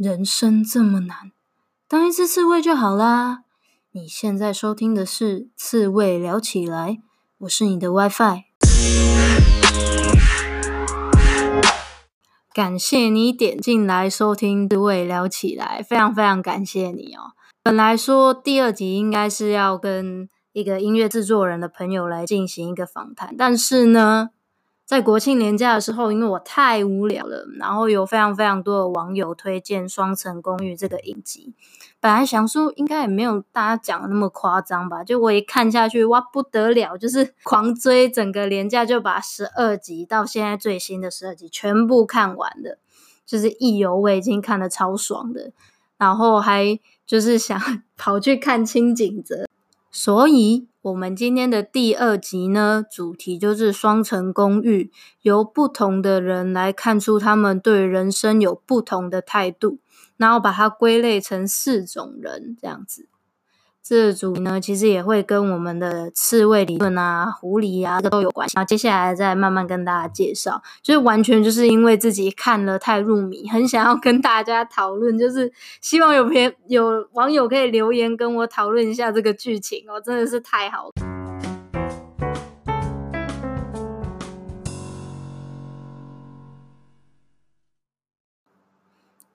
人生這麼難，當一隻刺蝟就好啦。你現在收聽的是《刺蝟聊起來》，我是你的 WiFi。Fi、感謝你點進來收聽《刺蝟聊起來》，非常非常感謝你哦。本來說第二集應該是要跟一個音樂製作人的朋友來進行一個訪談，但是呢。在國慶連假的時候，因為我太無聊了，然後有非常非常多的網友推薦《雙層公寓》這個影集，本來想說應該也沒有大家講的那麼誇張吧，就我一看下去，哇不得了，就是狂追整個連假就把十二集到現在最新的十二集全部看完了，就是意猶未盡，看得超爽的，然後還就是想跑去看輕井澤，所以。我們今天的第二集呢，主題就是雙層公寓，由不同的人來看出他們對人生有不同的態度，然後把它歸類成四種人，這樣子。這組呢，其實也會跟我們的刺蝟理論啊、狐狸啊，這個、都有關係。然後接下來再慢慢跟大家介紹，就是完全就是因為自己看了太入迷，很想要跟大家討論，就是希望有別有網友可以留言跟我討論一下這個劇情哦，真的是太好。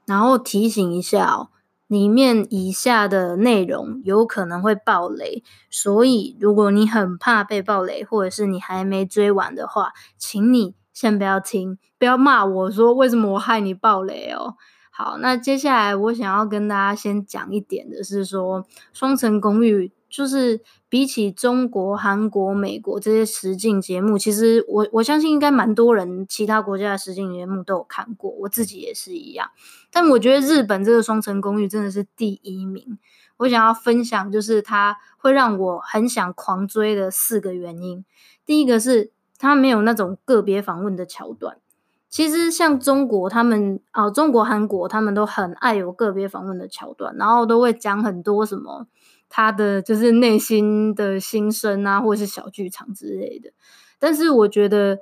然後提醒一下哦。裡面以下的內容有可能會爆雷，所以如果你很怕被爆雷，或者是你還沒追完的話，請你先不要聽，不要罵我說為什麼我害你爆雷哦。好，那接下來我想要跟大家先講一點的是說，雙層公寓。就是比起中國、韓國、美國這些實境節目，其實我我相信應該蠻多人其他國家的實境節目都有看過，我自己也是一樣。但我覺得日本這個雙層公寓真的是第一名。我想要分享，就是它會讓我很想狂追的四個原因。第一個是它沒有那種個別訪問的橋段。其實像中國他們啊、呃，中國、韓國他們都很愛有個別訪問的橋段，然後都會講很多什麼。他的就是內心的心聲啊，或是小劇場之類的，但是我覺得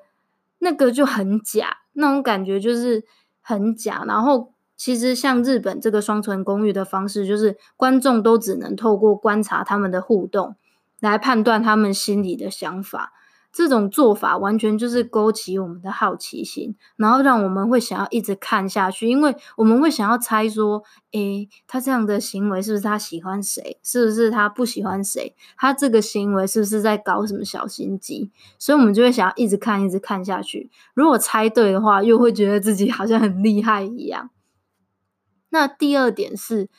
那個就很假，那種感覺就是很假。然後其實像日本這個雙層公寓的方式，就是觀眾都只能透過觀察他們的互動來判斷他們心裡的想法。這種做法完全就是勾起我們的好奇心，然後讓我們會想要一直看下去，因為我們會想要猜說，誒，他這樣的行為是不是他喜歡誰，是不是他不喜歡誰，他這個行為是不是在搞什麼小心機，所以我們就會想要一直看，一直看下去。如果猜對的話，又會覺得自己好像很厲害一樣。那第二點是。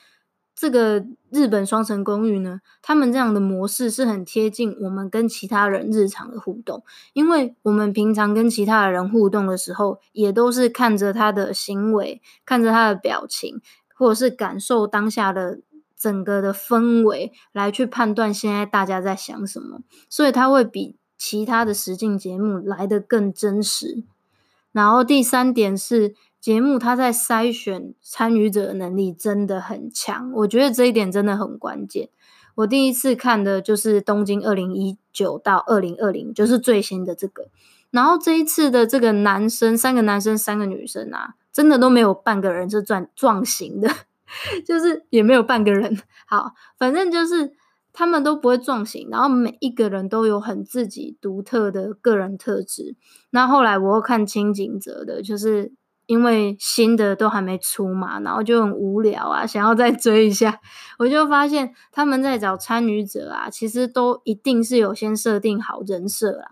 這個日本雙層公寓呢，他們這樣的模式是很貼近我們跟其他人日常的互動，因為我們平常跟其他的人互動的時候，也都是看着他的行為，看着他的表情，或者是感受當下的整個的氛圍來去判斷現在大家在想什麼，所以它會比其他的實境節目來的更真實。然後第三點是。節目他在篩選參與者的能力真的很強，我覺得這一點真的很關鍵。我第一次看的就是東京二零一九到二零二零，就是最新的這個。然後這一次的這個男生，三個男生三個女生啊，真的都沒有半個人是撞撞型的，就是也沒有半個人好，反正就是他們都不會撞型，然後每一個人都有很自己獨特的個人特質。那後，後來我又看輕井澤的，就是。因為新的都還沒出嘛，然後就很無聊啊，想要再追一下，我就發現他們在找參與者啊，其實都一定是有先設定好人設啦，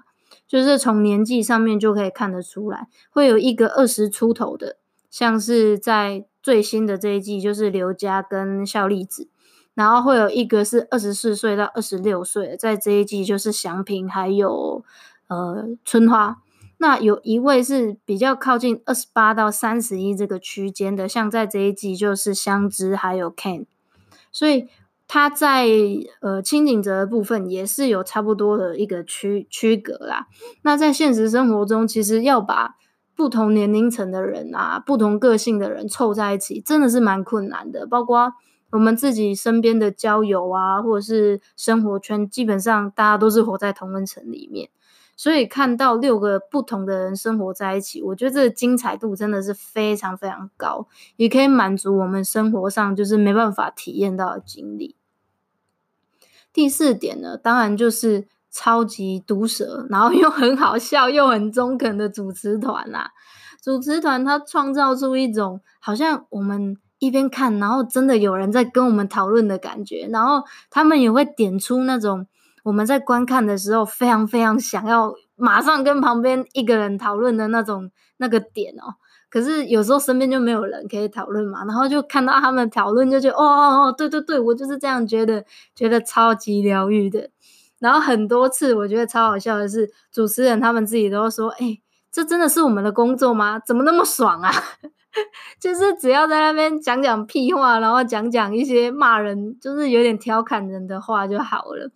就是從年紀上面就可以看得出來，會有一個二十出頭的，像是在最新的這一季就是流佳跟肖麗子，然後會有一個是二十四歲到二十六歲，在這一季就是翔平還有呃春花。那有一位是比較靠近二十八到三十一這個區間的，像在這一季就是香織還有 Ken，所以他在呃輕井澤的部分也是有差不多的一個區區隔啦。那在現實生活中，其實要把不同年齡層的人啊、不同個性的人湊在一起，真的是蠻困難的。包括我們自己身邊的交友啊，或者是生活圈，基本上大家都是活在同溫層裡面。所以看到六個不同的人生活在一起，我覺得這個精彩度真的是非常非常高，也可以滿足我們生活上就是沒辦法體驗到的經歷。第四點呢，當然就是超級毒舌，然後又很好笑又很中肯的主持團啦、啊。主持團他創造出一種好像我們一邊看，然後真的有人在跟我們討論的感覺，然後他們也會點出那種，我們在觀看的時候，非常非常想要馬上跟旁邊一個人討論的那種那個點哦，可是有時候身邊就沒有人可以討論嘛，然後就看到他們討論，就覺得哦哦哦，對對對，我就是這樣覺得，覺得超級療癒的。然後很多次我覺得超好笑的是，主持人他們自己都說，誒，這真的是我們的工作嗎？怎麼那麼爽啊？就是只要在那邊講講屁話，然後講講一些罵人，就是有點調侃人的話就好了。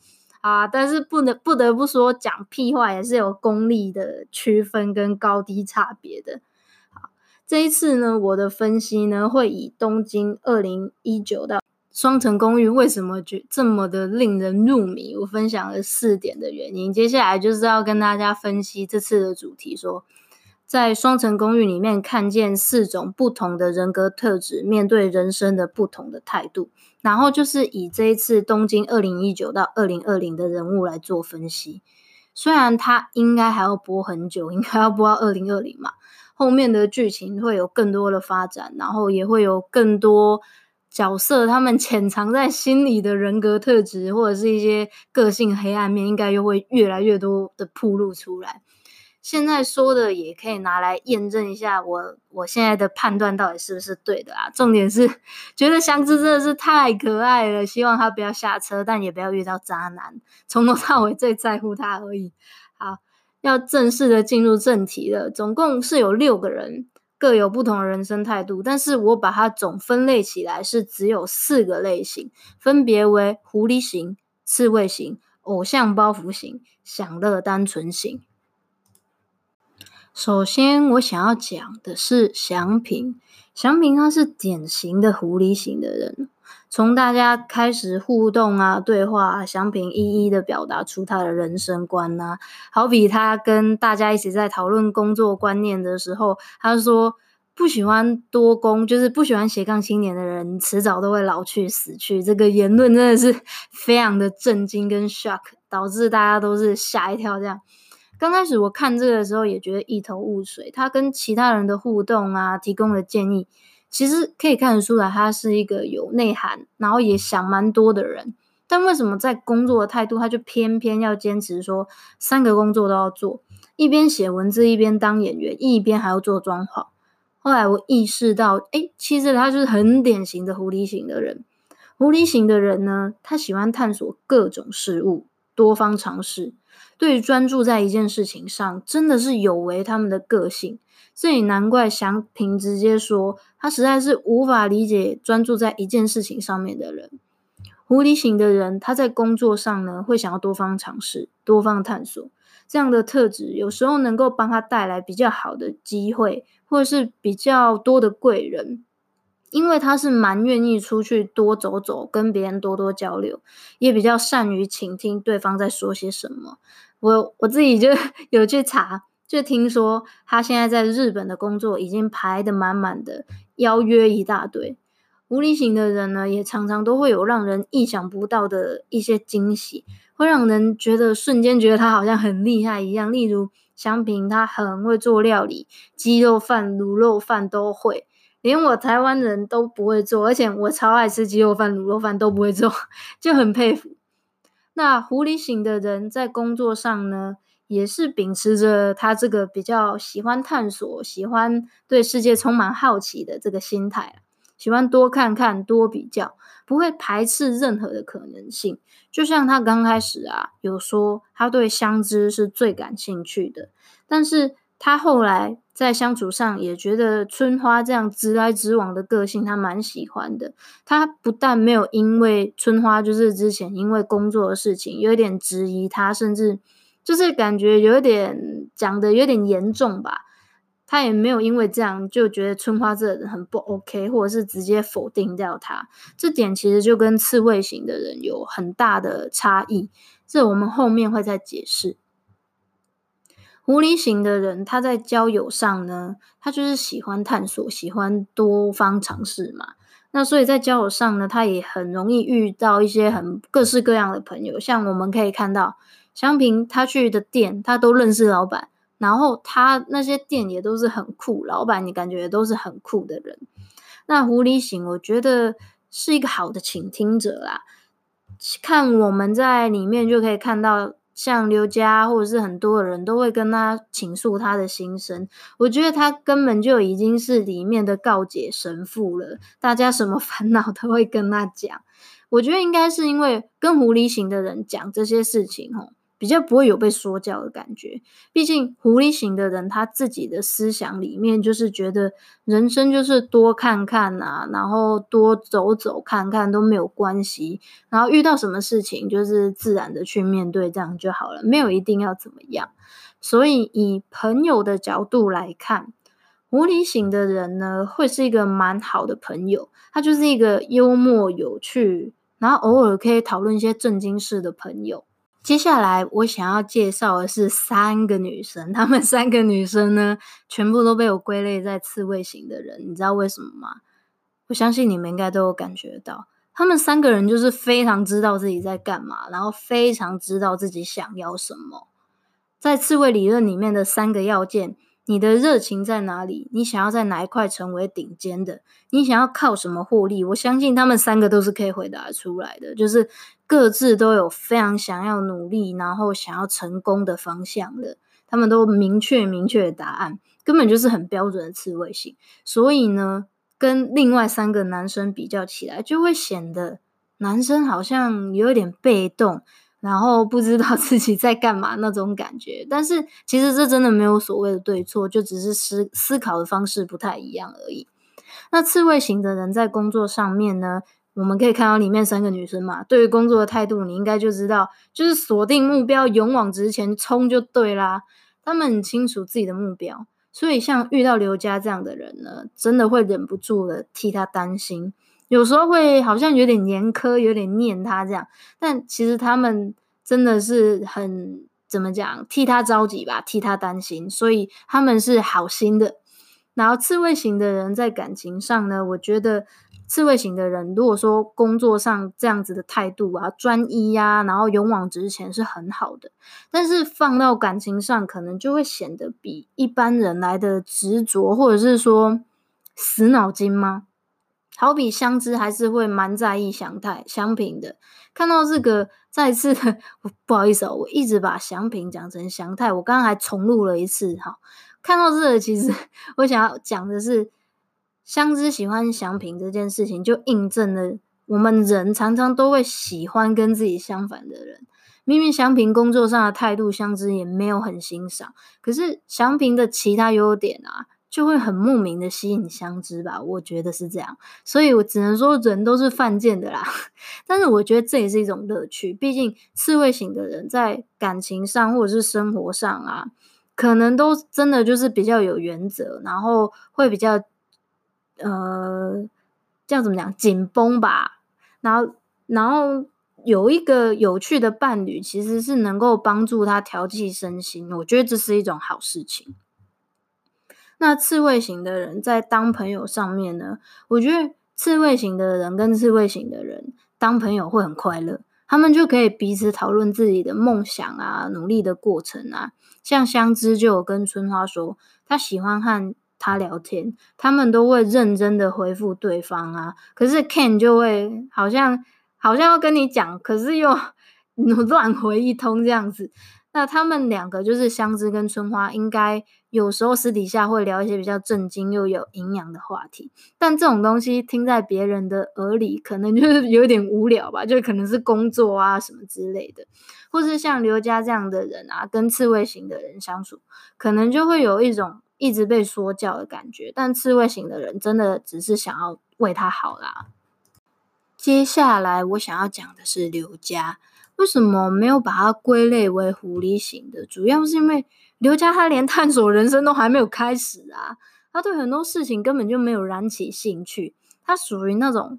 啊，但是不能不得不說，講屁話也是有功利的區分跟高低差別的。好，這一次呢，我的分析呢會以東京二零一九到雙層公寓為什麼就這麼的令人入迷，我分享了四點的原因。接下來就是要跟大家分析這次的主題說，說在雙層公寓裡面看見四種不同的人格特質，面對人生的不同的態度。然後就是以這一次東京二零一九到二零二零的人物來做分析，雖然他應該還要播很久，應該要播到二零二零嘛，後面的劇情會有更多的發展，然後也會有更多角色他們潛藏在心裡的人格特質或者是一些個性黑暗面，應該又會越來越多的暴露出來。現在說的也可以拿來驗證一下我，我我現在的判斷到底是不是對的啊？重點是覺得香織真的是太可愛了，希望他不要下車，但也不要遇到渣男。從頭到尾最在乎他而已。好，要正式的進入正題了。總共是有六個人，各有不同的人生態度，但是我把它總分類起來是只有四個類型，分別為狐狸型、刺蝟型、偶像包袱型、享樂單純型。首先，我想要講的是翔平。翔平他是典型的狐狸型的人，從大家開始互動啊、對話、啊，翔平一一的表達出他的人生觀啊。好比他跟大家一起在討論工作觀念的時候，他說不喜歡多工，就是不喜歡斜槓青年的人，遲早都會老去、死去。這個言論真的是非常的震驚跟 shock，導致大家都是嚇一跳這樣。剛開始我看這個的時候也覺得一頭霧水，他跟其他人的互動啊，提供的建議，其實可以看得出來他是一個有內涵，然後也想蠻多的人。但為什麼在工作的態度，他就偏偏要堅持說三個工作都要做，一邊寫文字，一邊當演員，一邊還要做裝潢。後來我意識到，哎、欸，其實他就是很典型的狐狸型的人。狐狸型的人呢，他喜歡探索各種事物。多方嘗試，對於專注在一件事情上，真的是有違他們的個性。這也難怪翔平直接說，他實在是無法理解專注在一件事情上面的人。狐狸型的人，他在工作上呢，會想要多方嘗試、多方探索，這樣的特質有時候能夠幫他帶來比較好的機會，或者是比較多的貴人。因為他是蠻願意出去多走走，跟別人多多交流，也比較善於傾聽對方在說些什麼。我我自己就有去查，就聽說他現在在日本的工作已經排得滿滿的，邀約一大堆。狐狸型的人呢，也常常都會有讓人意想不到的一些驚喜，會讓人覺得瞬間覺得他好像很厲害一樣。例如翔平，他很會做料理，雞肉飯、滷肉飯都會。連我臺灣人都不會做，而且我超愛吃雞肉飯、滷肉飯都不會做，就很佩服。那狐狸型的人在工作上呢，也是秉持着他這個比較喜歡探索、喜歡對世界充滿好奇的這個心態，喜歡多看看、多比較，不會排斥任何的可能性。就像他剛開始啊，有說他對香織是最感興趣的，但是他後來。在相處上，也覺得春花這樣直來直往的個性，他蠻喜歡的。他不但沒有因為春花就是之前因為工作的事情有點質疑他，甚至就是感覺有點講的有點嚴重吧，他也沒有因為這樣就覺得春花這個人很不 OK，或者是直接否定掉他。這點其實就跟刺蝟型的人有很大的差異，這我們後面會再解釋。狐狸型的人，他在交友上呢，他就是喜歡探索，喜歡多方嘗試嘛。那所以在交友上呢，他也很容易遇到一些很各式各樣的朋友。像我們可以看到翔平，他去的店，他都認識老闆，然後他那些店也都是很酷，老闆你感覺都是很酷的人。那狐狸型，我覺得是一個好的傾聽者啦。看我們在裡面就可以看到。像流佳或者是很多人都會跟他傾訴他的心聲，我覺得他根本就已經是裡面的告解神父了，大家什麼煩惱都會跟他講。我覺得應該是因為跟狐狸型的人講這些事情吼、哦比較不會有被說教的感覺，畢竟狐狸型的人，他自己的思想裡面就是覺得人生就是多看看啊，然後多走走看看都沒有關係，然後遇到什麼事情就是自然的去面對，這樣就好了，沒有一定要怎麼樣。所以以朋友的角度來看，狐狸型的人呢，會是一個蠻好的朋友，他就是一個幽默有趣，然後偶爾可以討論一些正經事的朋友。接下來我想要介紹的是三個女生，她們三個女生呢，全部都被我歸類在刺蝟型的人。你知道為什麼嗎？我相信你們應該都有感覺到，她們三個人就是非常知道自己在幹嘛，然後非常知道自己想要什麼。在刺蝟理論裡面的三個要件：你的熱情在哪裡？你想要在哪一塊成為頂尖的？你想要靠什麼獲利？我相信她們三個都是可以回答出來的，就是。各自都有非常想要努力，然後想要成功的方向了。他們都明確明確的答案，根本就是很標準的刺蝟型。所以呢，跟另外三個男生比較起來，就會顯得男生好像有點被動，然後不知道自己在幹嘛那種感覺。但是其實這真的沒有所謂的對錯，就只是思思考的方式不太一樣而已。那刺蝟型的人在工作上面呢？我們可以看到裡面三個女生嘛，對於工作的態度，你應該就知道，就是鎖定目標，勇往直前，衝就對啦。她們很清楚自己的目標，所以像遇到流佳這樣的人呢，真的會忍不住的替他擔心，有時候會好像有點嚴苛，有點念他這樣。但其實他們真的是很怎麼講，替他着急吧，替他擔心，所以他們是好心的。然後刺蝟型的人在感情上呢，我覺得。刺蝟型的人，如果說工作上這樣子的態度啊，專一呀、啊，然後勇往直前是很好的，但是放到感情上，可能就會顯得比一般人來的執着，或者是說死腦筋嗎？好比香織，還是會蠻在意祥太、翔平的。看到這個，再次的不好意思哦，我一直把翔平講成祥太，我剛剛還重錄了一次哈。看到這個，其實我想要講的是，香織喜歡翔平這件事情，就印證了我們人常常都會喜歡跟自己相反的人。明明翔平工作上的態度，香織也沒有很欣賞，可是翔平的其他優點啊，就會很莫名的吸引香織吧。我覺得是這樣，所以我只能說人都是犯賤的啦。但是我覺得這也是一種樂趣，畢竟刺蝟型的人在感情上或者是生活上啊，可能都真的就是比較有原則，然後會比較。呃，這樣怎麼講？緊繃吧，然後，然後有一個有趣的伴侶，其實是能夠幫助他調劑身心。我覺得這是一種好事情。那刺蝟型的人在當朋友上面呢，我覺得刺蝟型的人跟刺蝟型的人當朋友會很快樂，他們就可以彼此討論自己的夢想啊、努力的過程啊。像香織就有跟春花說，他喜歡看。他聊天，他們都會認真的回復對方啊。可是 Ken 就會好像好像要跟你講，可是又亂回一通這樣子。那他們兩個就是香織跟春花，應該有時候私底下會聊一些比較正經又有營養的話題。但這種東西聽在別人的耳裡，可能就是有點無聊吧。就可能是工作啊什麼之類的，或是像流佳這樣的人啊，跟刺蝟型的人相處，可能就會有一種。一直被說教的感覺，但刺蝟型的人真的只是想要為他好啦、啊。接下來我想要講的是流佳,為什麼沒有把它歸類為狐狸型的？主要是因為流佳他連探索人生都還沒有開始啊，他對很多事情根本就沒有燃起興趣，他屬於那種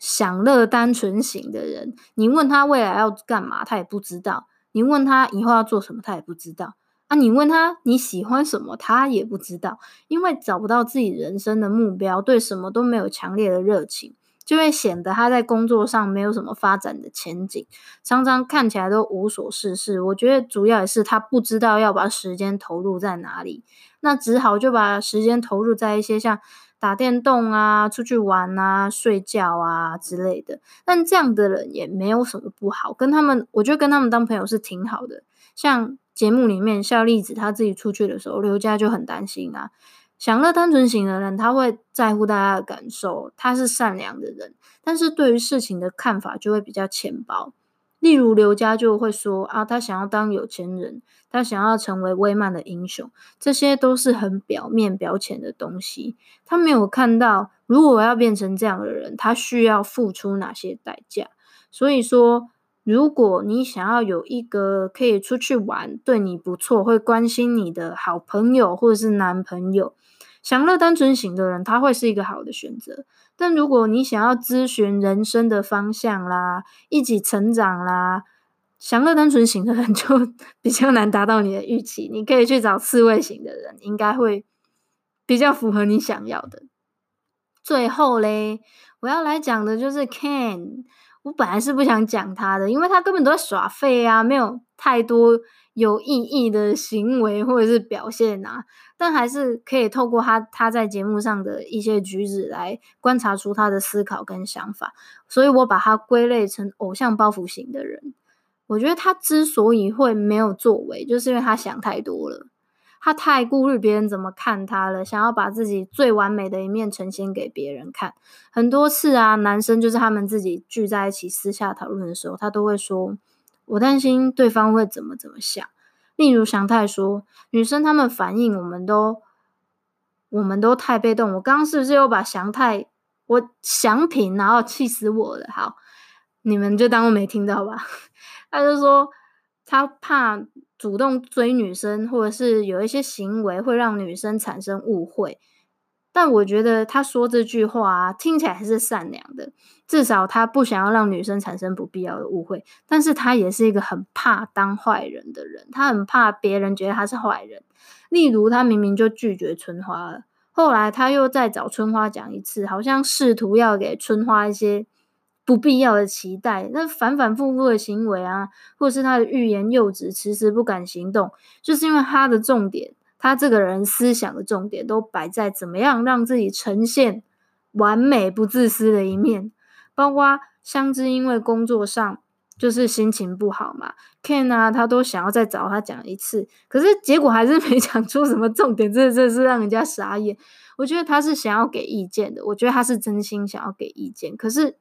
享樂單純型的人。你問他未來要幹嘛，他也不知道；你問他以後要做什麼，他也不知道。那你問他你喜歡什麼，他也不知道，因為找不到自己人生的目標，對什麼都沒有強烈的熱情，就會顯得他在工作上沒有什麼發展的前景，常常看起來都無所事事。我覺得主要也是他不知道要把時間投入在哪裡，那只好就把時間投入在一些像打電動啊、出去玩啊、睡覺啊之類的。但這樣的人也沒有什麼不好，跟他們，我覺得跟他們當朋友是挺好的，像。節目裡面，孝麗子她自己出去的時候，流佳就很擔心啊。享樂單純型的人，他會在乎大家的感受，他是善良的人，但是對於事情的看法就會比較淺薄。例如流佳就會說啊，他想要當有錢人，他想要成為威曼的英雄，這些都是很表面表淺的東西。他沒有看到，如果我要變成這樣的人，他需要付出哪些代價。所以說。如果你想要有一個可以出去玩、對你不錯、會關心你的好朋友或者是男朋友，享樂單純型的人他會是一個好的選擇。但如果你想要諮詢人生的方向啦、一起成長啦，享樂單純型的人就比較難達到你的預期。你可以去找刺蝟型的人，應該會比較符合你想要的。最後嘞，我要來講的就是 KENNY。我本來是不想講他的，因為他根本都在耍廢啊，沒有太多有意義的行為或者是表現吶、啊。但還是可以透過他他在節目上的一些舉止來觀察出他的思考跟想法，所以我把他歸類成偶像包袱型的人。我覺得他之所以會沒有作為，就是因為他想太多了。他太顧慮別人怎麼看他了，想要把自己最完美的一面呈現給別人看。很多次啊，男生就是他們自己聚在一起私下討論的時候，他都會說：“我擔心對方會怎麼怎麼想。”例如翔太說：“女生他們反應，我們都我們都太被動。”我剛剛是不是又把翔太我翔平然後氣死我了？好，你們就當我沒聽到吧。 他就說他怕。主動追女生，或者是有一些行為會讓女生產生誤會，但我覺得他說這句話啊，聽起來還是善良的，至少他不想要讓女生產生不必要的誤會。但是他也是一個很怕當壞人的人，他很怕別人覺得他是壞人。例如，他明明就拒絕春花了，後來他又再找春花講一次，好像試圖要給春花一些。不必要的期待，那反反复复的行為啊，或是他的欲言又止、遲遲不敢行動，就是因為他的重點，他這個人思想的重點都擺在怎麼樣讓自己呈現完美、不自私的一面。包括香織因為工作上就是心情不好嘛，Ken 啊，他都想要再找他講一次，可是結果還是沒講出什麼重點，這這是讓人家傻眼。我覺得他是想要給意見的，我覺得他是真心想要給意見，可是。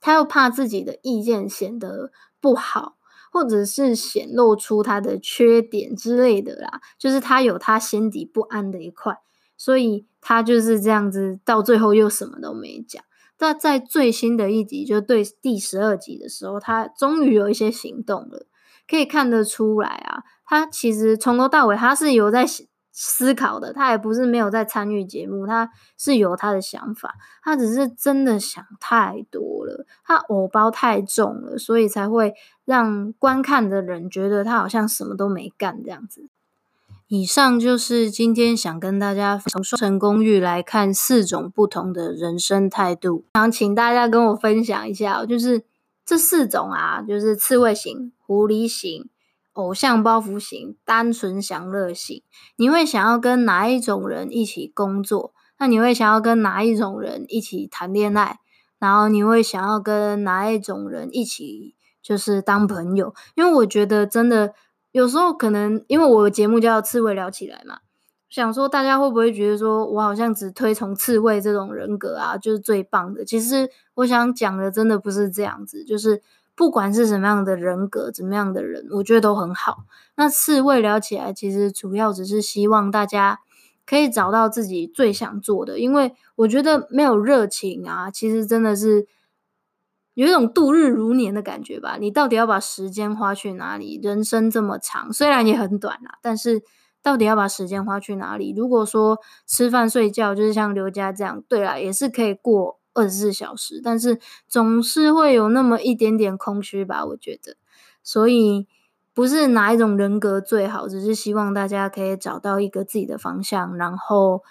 他又怕自己的意見顯得不好，或者是顯露出他的缺點之類的啦，就是他有他心底不安的一塊，所以他就是這樣子到最後又什麼都沒講。但在最新的一集，就對第十二集的時候，他終於有一些行動了，可以看得出來啊，他其實從頭到尾他是有在。思考的，他也不是沒有在參與節目，他是有他的想法，他只是真的想太多了，他偶包太重了，所以才會讓觀看的人覺得他好像什麼都沒幹這樣子。以上就是今天想跟大家從《雙層公寓》來看四種不同的人生態度，想請大家跟我分享一下，就是這四種啊，就是刺蝟型、狐狸型。偶像包袱型、單純享樂型，你會想要跟哪一種人一起工作？那你會想要跟哪一種人一起談戀愛？然後你會想要跟哪一種人一起就是當朋友？因為我覺得真的有時候可能，因為我節目叫刺蝟聊起來嘛，想說大家會不會覺得說我好像只推崇刺猬這種人格啊，就是最棒的？其實我想講的真的不是這樣子，就是。不管是什麼樣的人格，怎麼樣的人，我覺得都很好。那刺蝟聊起來，其實主要只是希望大家可以找到自己最想做的，因為我覺得沒有熱情啊，其實真的是有一種度日如年的感覺吧。你到底要把時間花去哪裡？人生這麼長，雖然也很短啦，但是到底要把時間花去哪裡？如果說吃飯睡覺，就是像流佳這樣，對啦，也是可以過。二十四小時，但是總是會有那麼一點點空虛吧，我覺得。所以不是哪一種人格最好，只是希望大家可以找到一個自己的方向，然後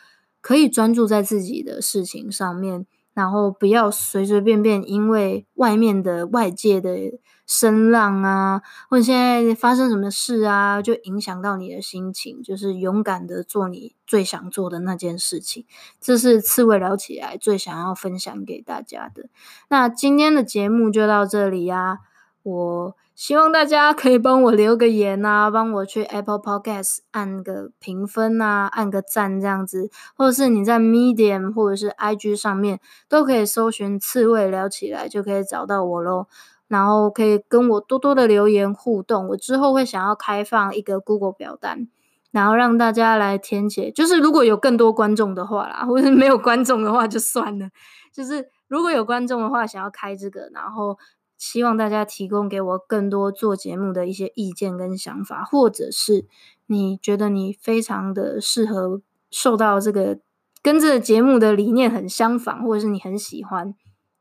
可以專注在自己的事情上面。然後不要隨隨便便，因為外面的外界的聲浪啊，或者現在發生什麼事啊，就影響到你的心情。就是勇敢的做你最想做的那件事情，這是刺蝟聊起來最想要分享給大家的。那今天的節目就到這裡呀、啊。我希望大家可以幫我留個言吶，幫我去 Apple Podcast 按個評分吶，按個讚這樣子，或者是你在 Medium 或者是 IG 上面都可以搜尋“刺蝟聊起來”就可以找到我嘍。然後可以跟我多多的留言互動，我之後會想要開放一個 Google 表單，然後讓大家來填寫。就是如果有更多觀眾的話啦，或者是沒有觀眾的話就算了。就是如果有觀眾的話，想要開這個，然後。希望大家提供給我更多做節目的一些意見跟想法，或者是你覺得你非常的適合受到這個跟這個節目的理念很相仿，或者是你很喜歡，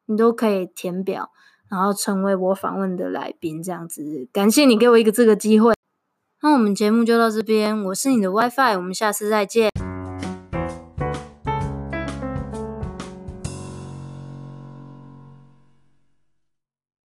你都可以填表，然後成為我訪問的來賓這樣子。感謝你給我一個這個機會。那我們節目就到這邊，我是你的 WiFi，我們下次再見。